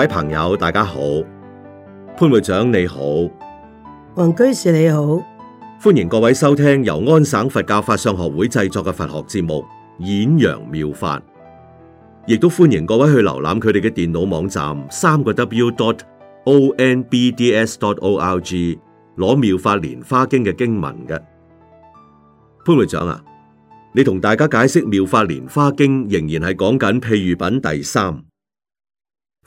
各位朋友，大家好，潘會長你好，王居士你好，歡迎各位收聽由安省佛教法上學會製作嘅佛學節目《演陽妙法》，亦都歡迎各位去瀏覽佢哋嘅電腦網站三個 W dot O N B D S dot O L G 攞妙法蓮花經嘅經文嘅。潘會長啊，你同大家解釋妙法蓮花經仍然係講緊譬喻品第三。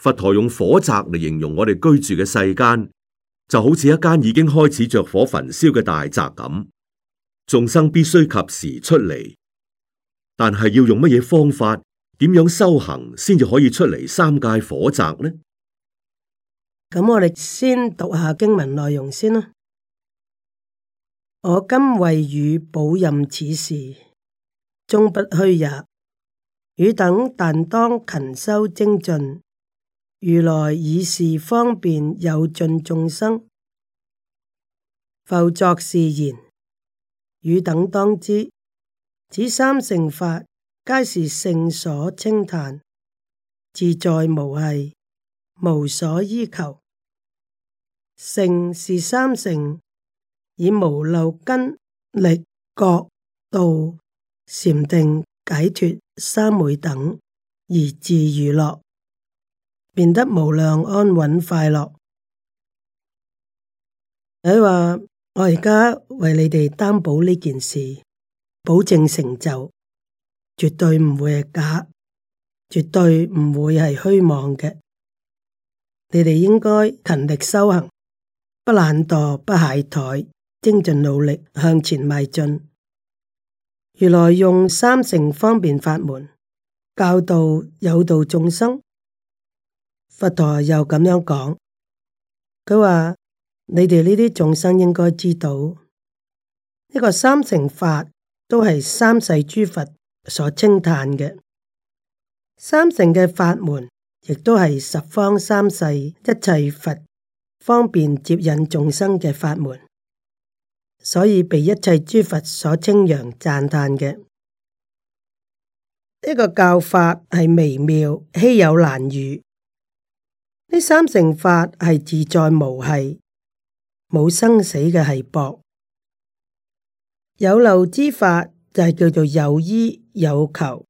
佛陀用火宅嚟形容我哋居住嘅世間，就好似一間已經開始着火焚燒嘅大宅咁，眾生必須及時出嚟。但係要用乜嘢方法？點樣修行先至可以出嚟三界火宅呢？咁我哋先讀下經文內容先啦。我今為汝保任此事，終不虛也。汝等但當勤修精進。如來以是方便誘進眾生，復作是言：汝等當知，此三乘法皆是聖所稱歎，自在無繫，無所依求。乘是三乘，以無漏根力覺道、禪定解脱三昧等而自娛樂。變得無量安穩快樂。你話：我而家為你哋擔保呢件事，保證成就，絕對唔會係假，絕對唔會係虛妄嘅。你哋應該勤力修行，不懶惰，不懈怠，精進努力向前邁進。如來用三乘方便法門，教導有道眾生。佛陀又咁樣講，佢話：你哋呢啲眾生應該知道，呢個三乘法都係三世諸佛所稱讚嘅，三乘嘅法門亦都係十方三世一切佛方便接引眾生嘅法門，所以被一切諸佛所稱揚讚歎嘅。呢個教法係微妙稀有難遇。呢三乘法係自在無繫，冇生死嘅繫博；有漏之法就係叫做有依有求，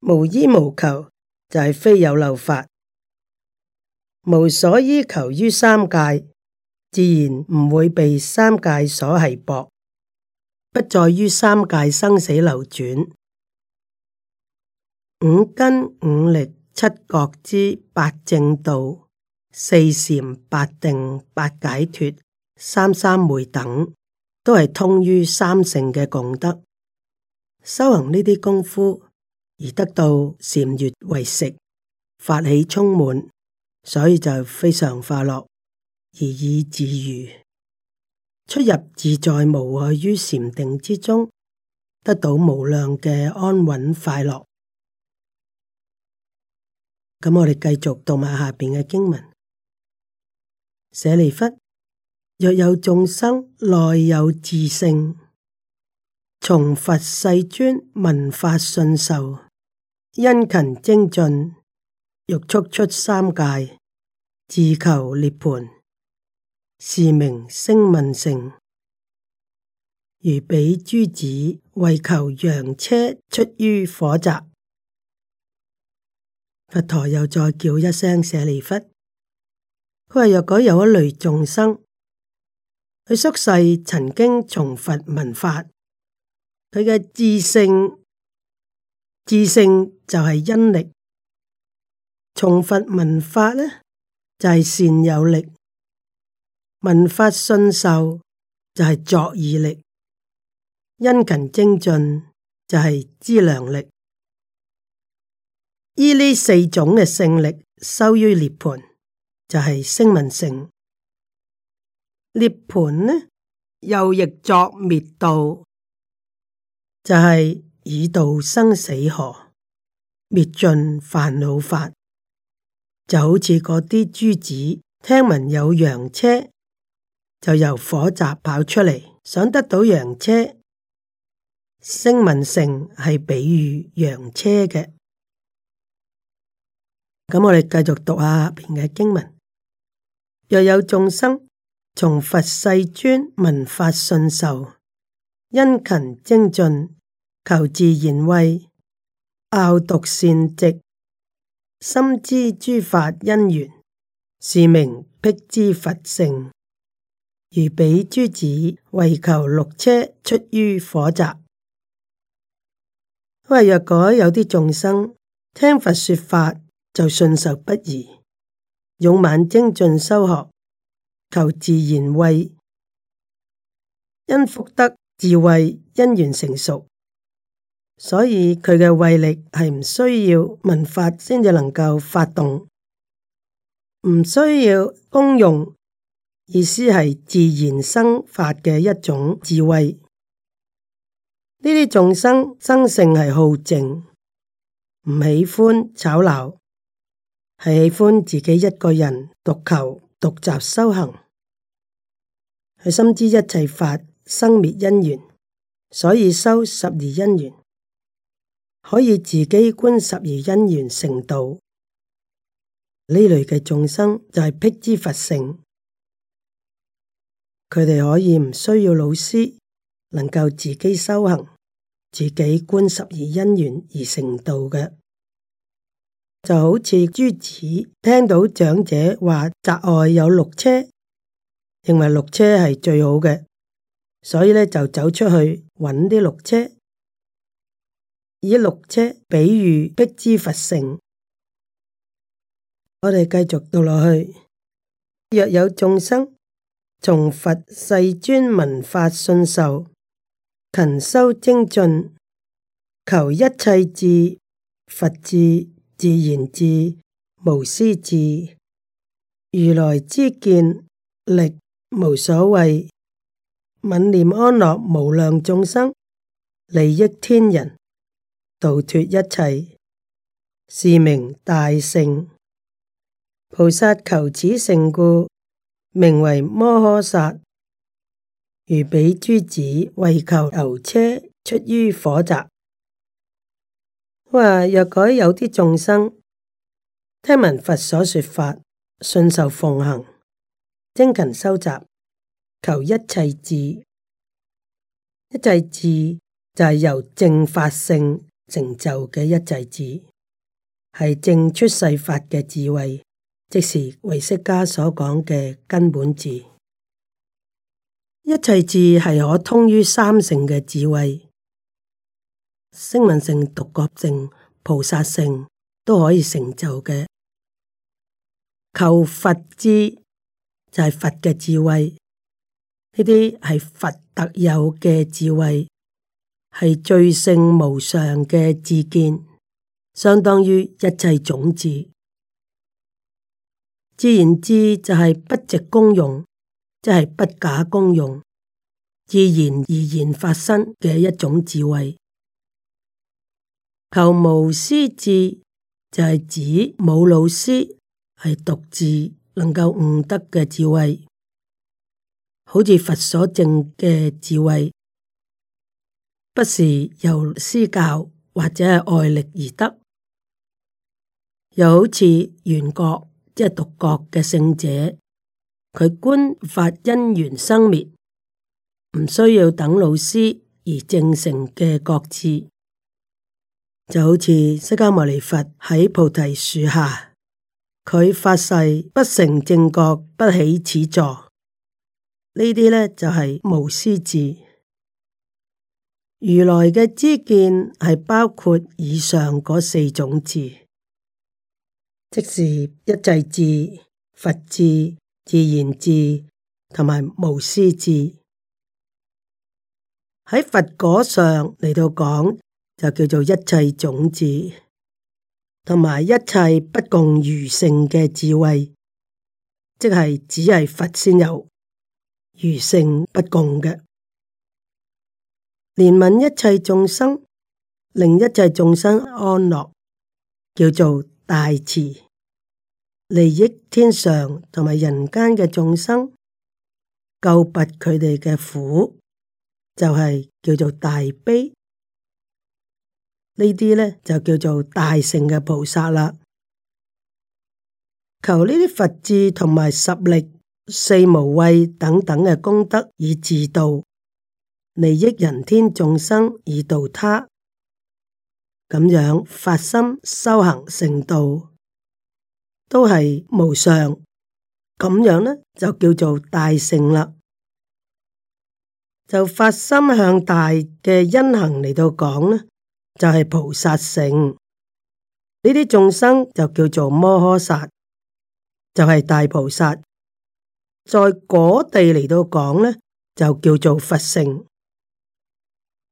無依無求就係非有漏法。無所依求於三界，自然唔會被三界所繫博，不在於三界生死流轉，五根五力。七覺之八正道、四禪八定、八解脫、三三昧等，都係通於三乘嘅功德。修行呢啲功夫而得到禪悅為食，法喜充滿，所以就非常快樂而以自如，出入自在，無礙於禪定之中，得到無量嘅安穩快樂。咁我哋繼續讀埋下邊嘅經文：舍利弗，若有眾生內有智性，從佛世尊聞法信受，殷勤精進，欲速出三界，自求涅槃，是名聲聞乘；如彼諸子，為求羊車，出於火宅。佛陀又再叫一聲舍利弗，佢話若果有一類眾生，佢宿世曾經從佛聞法，佢嘅智性，智性就係因力；從佛聞法咧就係善有力，聞法信受就係作意力，因勤精進就係資糧力。依呢四種嘅勝力收於涅槃，就係、是、聲聞乘。涅槃呢又譯作滅度，就係以道生死河滅盡煩惱法。就好似嗰啲諸子聽聞有羊車，就由火宅跑出嚟，想得到羊車。聲聞乘係比喻羊車嘅。咁我哋繼續讀下邊嘅經文。若有眾生從佛世尊聞法信受，殷勤精進，求自然慧，樂獨善寂，深知諸法因緣，是名辟支佛乘。如彼諸子為求鹿車，出於火宅。因為若果有啲眾生聽佛說法，就信受不疑，勇猛精進修學，求自然慧。因福德智慧因緣成熟，所以佢嘅慧力係唔需要聞法先至能夠發動，唔需要功用，意思係自然生法嘅一種智慧。呢啲眾生生性係好靜，唔喜歡吵鬧。係喜歡自己一個人獨求獨習修行，佢深知一切法生滅因緣，所以修十二因緣，可以自己觀十二因緣成道。呢類嘅眾生就係辟支佛乘，佢哋可以唔需要老師，能夠自己修行，自己觀十二因緣而成道嘅。就好似諸子聽到長者話，宅外有鹿車，認為鹿車係最好嘅，所以咧就走出去揾啲鹿車，以鹿車比喻辟支佛乘。我哋繼續讀落去，若有眾生從佛世尊聞法信受，勤修精進，求一切智佛智、自然智、無師智、如來之見力，無所畏、愍念安樂無量眾生，利益天人，度脱一切，是名大乘菩薩求此乘故，名為摩訶薩。如彼諸子為求牛車，出於火宅。話若果有啲眾生聽聞佛所說法，信受奉行，精勤修習，求一切智，一切智就係由正法性成就嘅一切智，係正出世法嘅智慧，即是唯識家所講嘅根本智。一切智係可通於三性嘅智慧。聲聞性、獨覺性、菩薩性都可以成就嘅。求佛智就係、是、佛嘅智慧，呢啲係佛特有嘅智慧，係最勝無上嘅智見，相當於一切種智。自然智就係不藉功用，即、就、係、是、不假功用，自然而然發生嘅一種智慧。求無師智就係指冇老師係獨自能夠悟得嘅智慧，好似佛所證嘅智慧，不是由師教或者係外力而得。又好似圓覺，即係獨覺嘅聖者，佢觀法因緣生滅，唔需要等老師而證成嘅覺智。就好似釋迦牟尼佛喺菩提樹下，佢發誓不成正覺不起此座。呢啲呢就係、是、無師智。如來嘅知見係包括以上嗰四種智，即是一切智、佛智、自然智同埋無師智。喺佛果上嚟到講。就叫做一切種子，同埋一切不共如性嘅智慧，即係只係佛先有如性不共嘅，憐憫一切眾生，令一切眾生安樂，叫做大慈；利益天上同埋人間嘅眾生，救拔佢哋嘅苦，就係叫做大悲。呢啲咧就叫做大乘嘅菩薩啦，求呢啲佛智同埋十力、四無畏等等嘅功德以自度，利益人天眾生以度他，咁樣發心修行成道都係無上，咁樣呢，就叫做大乘啦，就發心向大嘅因行嚟到講咧。就係菩薩性，呢啲眾生就叫做摩訶薩，就係大菩薩。在果地嚟到講呢，就叫做佛性。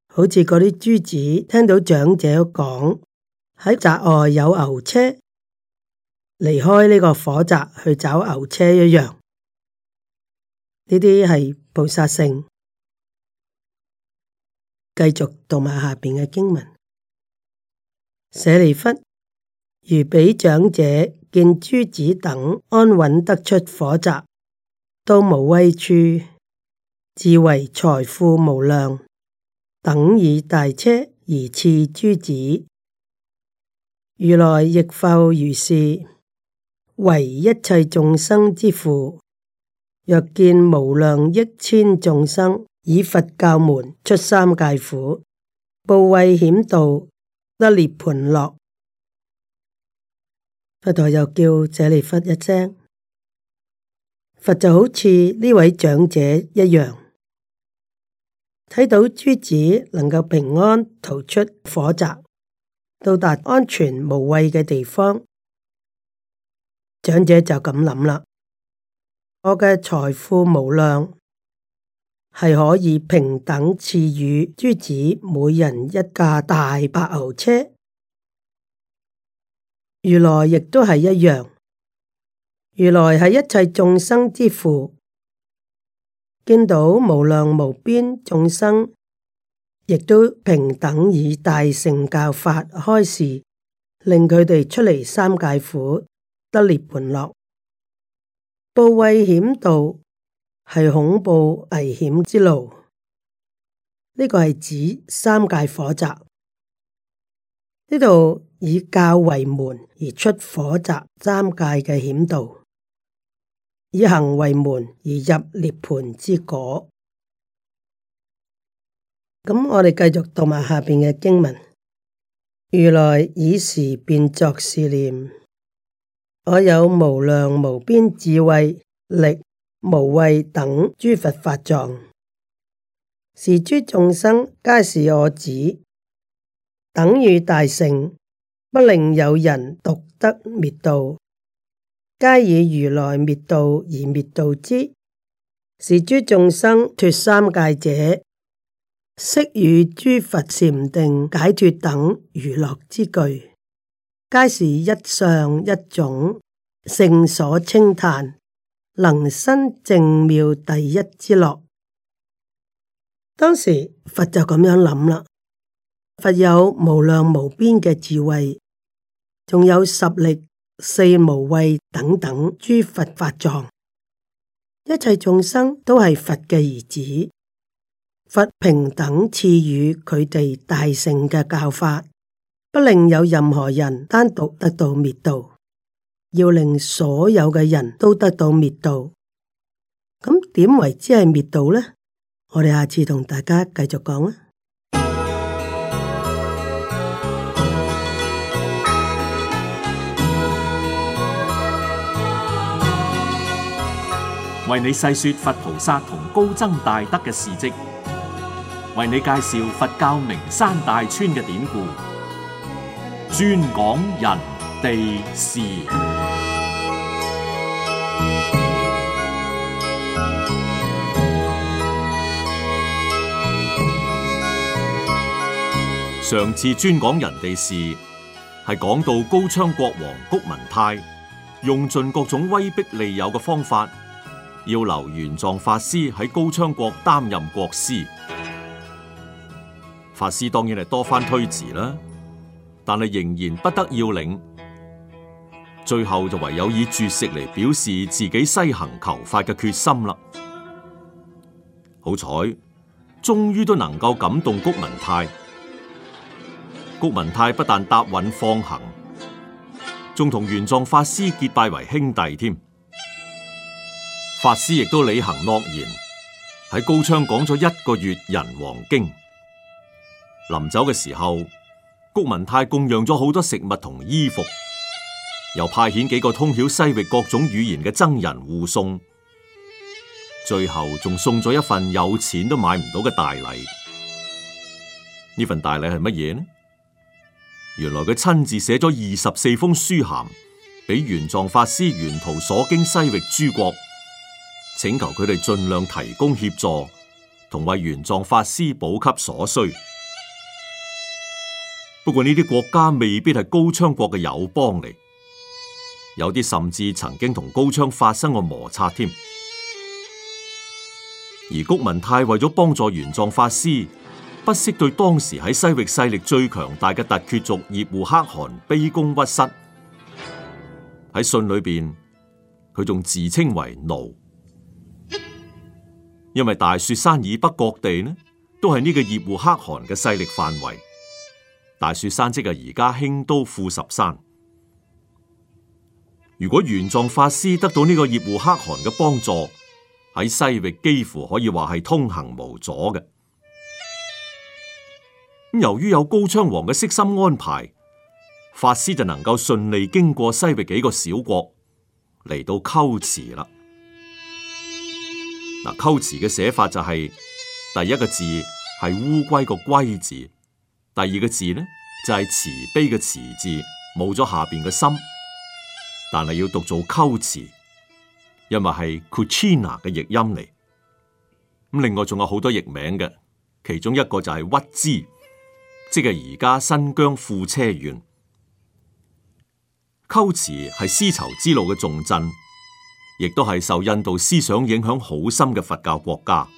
好似嗰啲諸子聽到長者講喺宅外有牛車，離開呢個火宅去找牛車一樣。呢啲係菩薩性。繼續讀埋下邊嘅經文。舍利弗，如彼長者見諸子等安穩得出火宅，都無畏處；自為財富無量，等以大車而賜諸子。如來亦復如是，為一切眾生之父。若見無量億千眾生以佛教門出三界苦，怖畏險道。盤落，佛陀又叫舍利弗一聲，佛就好似呢位長者一樣，睇到諸子能夠平安逃出火宅，到達安全無畏嘅地方，長者就咁諗啦，我嘅財富無量。係可以平等賜予諸子每人一架大白牛車。如來亦都係一樣。如來係一切眾生之父，見到無量無邊眾生，亦都平等以大乘教法開示，令佢哋出嚟三界苦，得涅盤樂，怖畏險道。係恐怖危險之路，呢、這個係指三界火宅，呢度以教為門而出火宅三界嘅險道，以行為門而入涅槃之果。咁我哋繼續讀埋下邊嘅經文：如來以時變作是念，我有無量無邊智慧力。無畏等諸佛法藏，是諸眾生皆是我子，等與大乘，不令有人獨得滅度，皆以如來滅度而滅度之，是諸眾生脫三界者，悉與諸佛禪定解脫等娛樂之具，皆是一相一種聖所稱歎。能生正妙第一之樂，當時佛就咁樣諗啦。佛有無量無邊嘅智慧，仲有十力、四無畏等等諸佛法藏。一切眾生都係佛嘅兒子，佛平等賜予佢哋大乘嘅教法，不令有任何人單獨得到滅度。要令所有嘅人都得到滅度，咁點為之係滅度呢？我哋下次同大家繼續講啦。為你細說佛菩薩同高僧大德嘅事跡，為你介紹佛教名山大川嘅典故，專講人。地事上次專講人地事，係講到高昌國王谷文泰用盡各種威逼利誘嘅方法，要留玄奘法師喺高昌國擔任國師。法師當然係多番推辭啦，但係仍然不得要領。最後就唯有以絕食嚟表示自己西行求法嘅決心啦。好彩，終於都能夠感動谷文泰。谷文泰不但答允放行，仲同玄奘法師結拜為兄弟添。法師亦都履行諾言，喺高昌講咗一個月《仁王經》。臨走嘅時候，谷文泰供養咗好多食物同衣服。又派遣幾個通曉西域各種語言嘅僧人護送，最後仲送咗一份有錢都買唔到嘅大禮。呢份大禮係乜嘢呢？原來佢親自寫咗二十四封書函，俾玄奘法師沿途所經西域諸國，請求佢哋盡量提供協助，同為玄奘法師補給所需。不過呢啲國家未必係高昌國嘅友邦嚟。有啲甚至曾經同高昌發生過摩擦添，而谷文泰為咗幫助玄奘法師，不惜對當時喺西域勢力最強大嘅突厥族葉護可汗卑躬屈膝。喺信裏邊，佢仲自稱為奴，因為大雪山以北各地呢，都係呢個葉護可汗嘅勢力範圍。大雪山即係而家興都庫什山。如果玄奘法師得到呢個葉護可汗嘅幫助，喺西域幾乎可以話係通行無阻嘅。由於有高昌王嘅悉心安排，法師就能夠順利經過西域幾個小國，嚟到龜茲啦。嗱，龜茲嘅寫法就係、是、第一個字係烏龜個龜字，第二個字呢就係、是、慈悲嘅慈字，冇咗下邊嘅心。但係要讀做鳩茲，因為係 Kuchina 嘅譯音嚟。咁另外仲有好多譯名嘅，其中一個就係、是、屈支，即係而家新疆庫車縣。龜茲係絲綢之路嘅重鎮，亦都係受印度思想影響好深嘅佛教國家。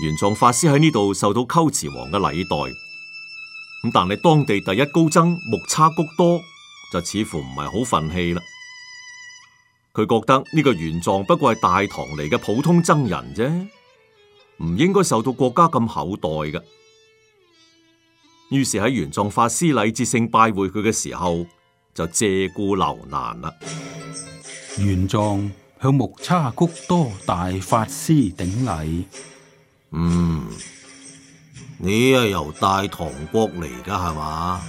玄奘法師喺呢度受到龜茲王嘅禮待，咁但係當地第一高僧木叉谷多，就似乎唔係好憤氣啦。佢覺得呢、這個玄奘不過係大唐嚟嘅普通僧人啫，唔應該受到國家咁厚待嘅。於是喺玄奘法師禮節性拜會佢嘅時候，就借故留難啦。玄奘向木叉谷多大法師頂禮。嗯，你係由大唐國嚟噶係嘛？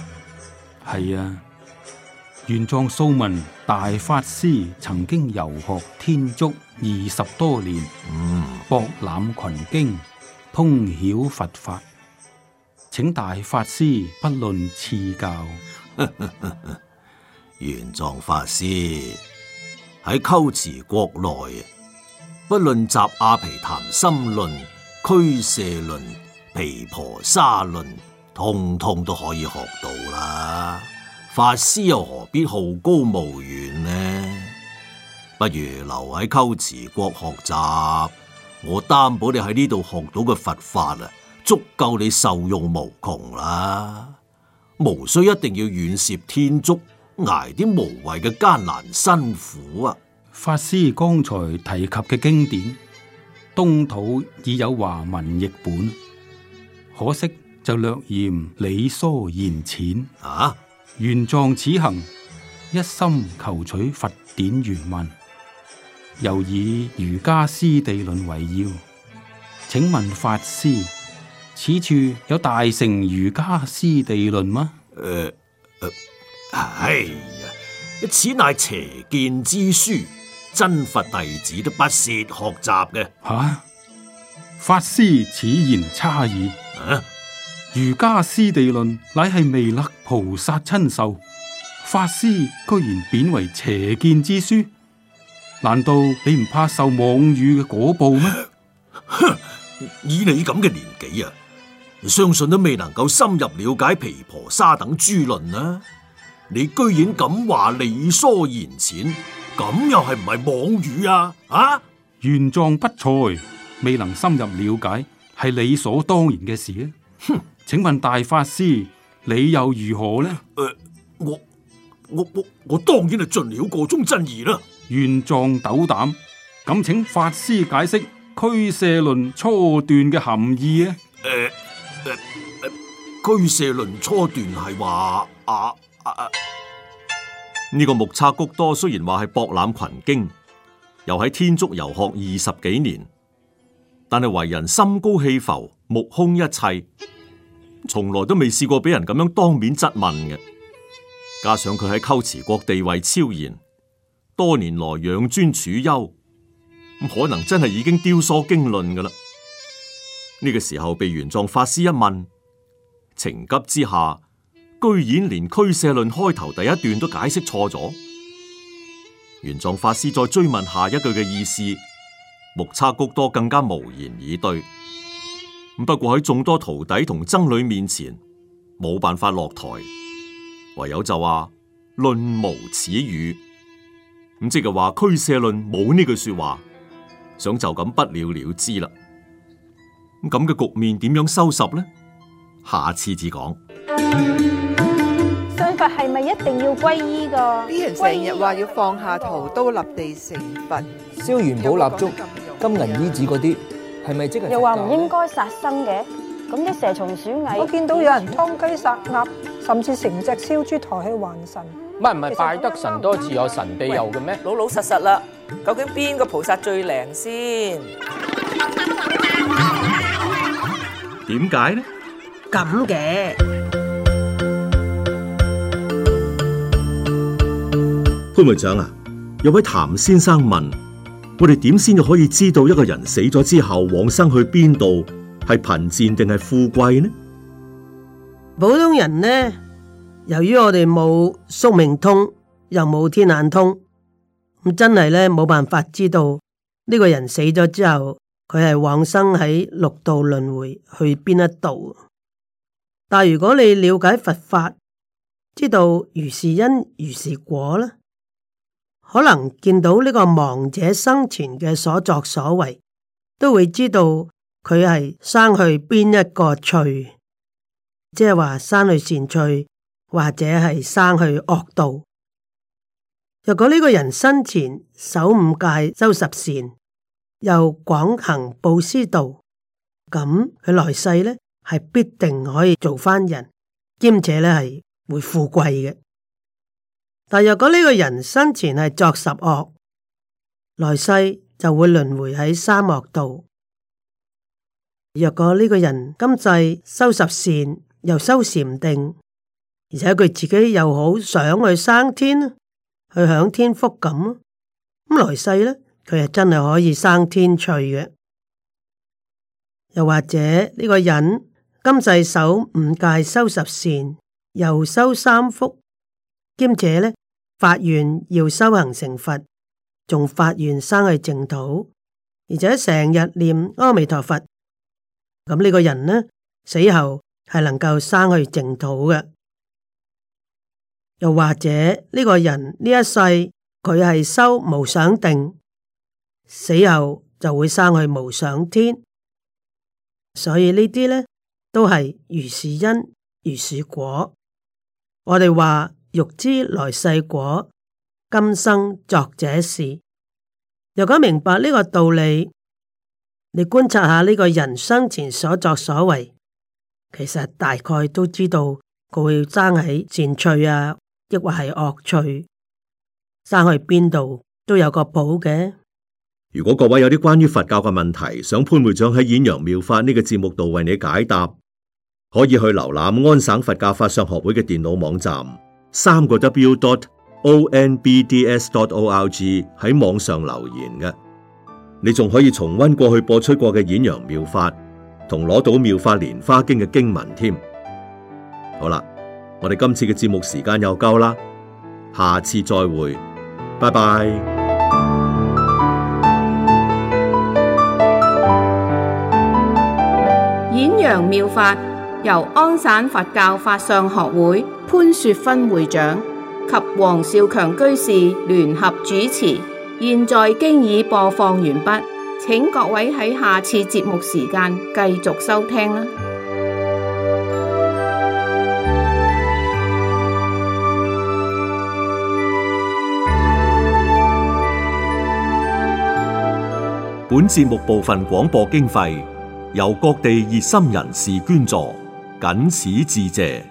係啊。玄奘素聞大法師曾經遊學天竺二十多年，嗯、博覽群經，通曉佛法，請大法師不吝賜教。 玄奘法師喺龜茲國內，不論習阿毗曇心論、俱舍論、毗婆沙論，通通都可以學到啦。法師又何必好高騖遠呢？不如留喺龜茲國學習，我擔保你喺呢度學到嘅佛法啊，足夠你受用無窮啦，無需一定要遠涉天竺捱啲無謂嘅艱難辛苦啊！法師剛才提及嘅經典，東土已有華文譯本，可惜就略嫌理疏言淺啊。原狀此行，一心求取佛典原文，又以瑜伽師地論為要。請問法師，此處有大乘瑜伽師地論嗎？誒誒、呃，係、呃哎、此乃邪見之書，真佛弟子都不屑學習嘅。吓、啊！法師此言差矣。啊瑜伽師地論》乃係彌勒菩薩親授，法師居然貶為邪見之書，難道你唔怕受妄語嘅果報咩？哼！ 以你咁嘅年紀啊，相信都未能夠深入了解毗婆沙等諸論啊。你居然敢話理疏言淺，咁又係唔係妄語啊？啊！玄奘不才，未能深入了解，係理所當然嘅事啊！哼！ 請問大法師，你又如何呢？誒、呃，我我我我當然係盡了個中真義啦。願狀斗膽，咁請法師解釋《俱舍論》初段嘅含義，呃呃呃、俱舍論初段啊。誒誒誒，《俱舍論》初段係話啊啊，呢個木叉谷多雖然話係博覽群經，又喺天竺遊學二十幾年，但係為人心高氣浮，目空一切。從來都未試過俾人咁樣當面質問嘅，加上佢喺龜茲國地位超然，多年來養尊處優，咁可能真係已經雕塑經論噶啦。呢、這個時候被玄奘法師一問，情急之下，居然連《俱舍論》開頭第一段都解釋錯咗。玄奘法師再追問下一句嘅意思，木叉毱多更加無言以對。不過喺眾多徒弟同僧侶面前，冇辦法落台，唯有就話論無此語。咁即係話《俱舍論》冇呢句說話，想就咁不了了之啦。咁嘅局面點樣收拾呢？下次至講。信佛係咪一定要皈依噶？啲人成日話要放下屠刀立地成佛，燒元寶蠟燭、有有金銀衣紙嗰啲。又話唔應該殺生嘅，咁啲蛇蟲鼠蟻，我見到有人劏雞殺鴨，甚至成隻燒豬抬去還神。唔係唔係，拜得神多自有神庇佑嘅咩？老老實實啦，究竟邊個菩薩最靈先？點解呢？咁嘅潘會長啊，有位譚先生問。我哋點先至可以知道一個人死咗之後往生去邊度，係貧賤定係富貴呢？普通人呢，由於我哋冇宿命通，又冇天眼通，咁真係咧冇辦法知道呢、呢個人死咗之後，佢係往生喺六道輪迴去邊一度。但如果你了解佛法，知道如是因如是果呢？可能見到呢個亡者生前嘅所作所為，都會知道佢係生去邊一個趣，即係話生去善趣，或者係生去惡道。若果呢個人生前守五戒，修十善，又廣行布施道，咁佢來世呢係必定可以做返人，兼且呢係會富貴嘅。但若果呢個人生前係作十惡，來世就會輪回喺三惡道。若果呢個人今世修十善，又修禪定，而且佢自己又好想去生天，去享天福咁，咁來世呢，佢係真係可以生天趣嘅。又或者呢個人今世守五戒，修十善，又修三福。兼且咧，發願要修行成佛，仲發願生去淨土，而且成日念阿彌陀佛，咁呢個人呢，死後係能夠生去淨土嘅。又或者呢個人呢一世佢係修無想定，死後就會生去無想天。所以呢啲咧都係如是因如是果。我哋話。欲知來世果，今生作者是。若果明白呢個道理，你觀察下呢個人生前所作所為，其實大概都知道佢會爭喺善趣啊，抑或係惡趣，生去邊度都有個譜嘅。如果各位有啲關於佛教嘅問題，想潘會長喺《演揚妙法》呢、這個節目度為你解答，可以去瀏覽安省佛教法相學會嘅電腦網站。三個 w dot onbds dot org，喺網上留言嘅。你仲可以重温過去播出過嘅演揚妙法，同攞到妙法蓮花經嘅經文添。好啦，我哋今次嘅節目時間又夠啦，下次再會，拜拜。演揚妙法由安省佛教法相學會。潘雪芬會長及黃少強居士聯合主持，現在經已播放完畢，請各位喺下次節目時間繼續收聽啦。本節目部分廣播經費由各地熱心人士捐助，謹此致謝。